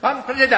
Pan Preda.